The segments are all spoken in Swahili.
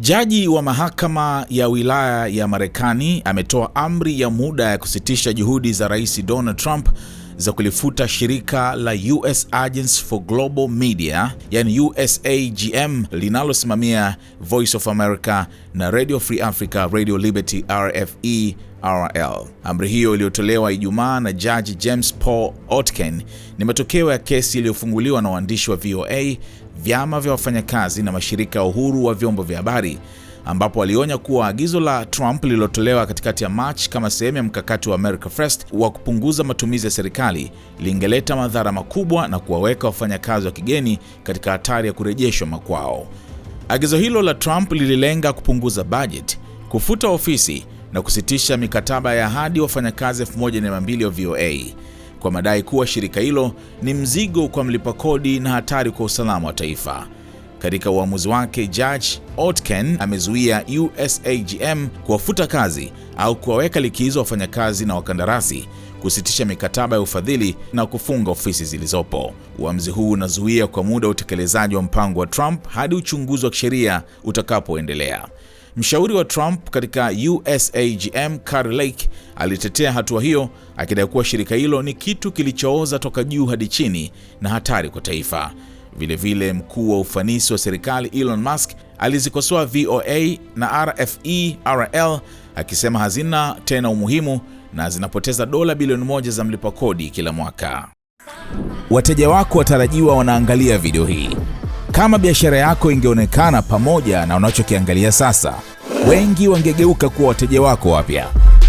Jaji wa mahakama ya wilaya ya Marekani ametoa amri ya muda ya kusitisha juhudi za Rais Donald Trump za kulifuta shirika la US Agents for Global Media, yani USAGM, linalosimamia Voice of America na Radio Free Africa, Radio Liberty, RFE RL. Amri hiyo iliyotolewa Ijumaa na Jaji James Paul Otken ni matokeo ya kesi iliyofunguliwa na waandishi wa VOA, vyama vya wafanyakazi na mashirika ya uhuru wa vyombo vya habari ambapo alionya kuwa agizo la Trump lililotolewa katikati ya March kama sehemu ya mkakati wa America First wa kupunguza matumizi ya serikali lingeleta madhara makubwa na kuwaweka wafanyakazi wa kigeni katika hatari ya kurejeshwa makwao. Agizo hilo la Trump lililenga kupunguza bajeti, kufuta ofisi na kusitisha mikataba ya ahadi wafanyakazi 1200 wa VOA kwa madai kuwa shirika hilo ni mzigo kwa mlipa kodi na hatari kwa usalama wa taifa. Katika uamuzi wake, Judge Otken amezuia USAGM kuwafuta kazi au kuwaweka likizo wafanyakazi na wakandarasi, kusitisha mikataba ya ufadhili na kufunga ofisi zilizopo. Uamuzi huu unazuia kwa muda utekelezaji wa mpango wa Trump hadi uchunguzi wa kisheria utakapoendelea. Mshauri wa Trump katika USAGM Carrie Lake alitetea hatua hiyo akidai kuwa shirika hilo ni kitu kilichooza toka juu hadi chini na hatari kwa taifa. Vilevile, mkuu wa ufanisi wa serikali Elon Musk alizikosoa VOA na RFE RL akisema hazina tena umuhimu na zinapoteza dola bilioni moja za mlipa kodi kila mwaka. Wateja wako watarajiwa wanaangalia video hii. Kama biashara yako ingeonekana pamoja na unachokiangalia sasa, wengi wangegeuka kuwa wateja wako wapya.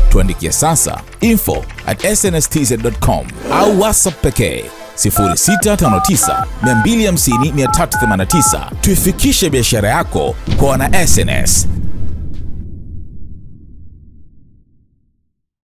Tuandikie sasa info at snstz.com au WhatsApp pekee 0659 Tuifikishe biashara yako kwa wana SnS.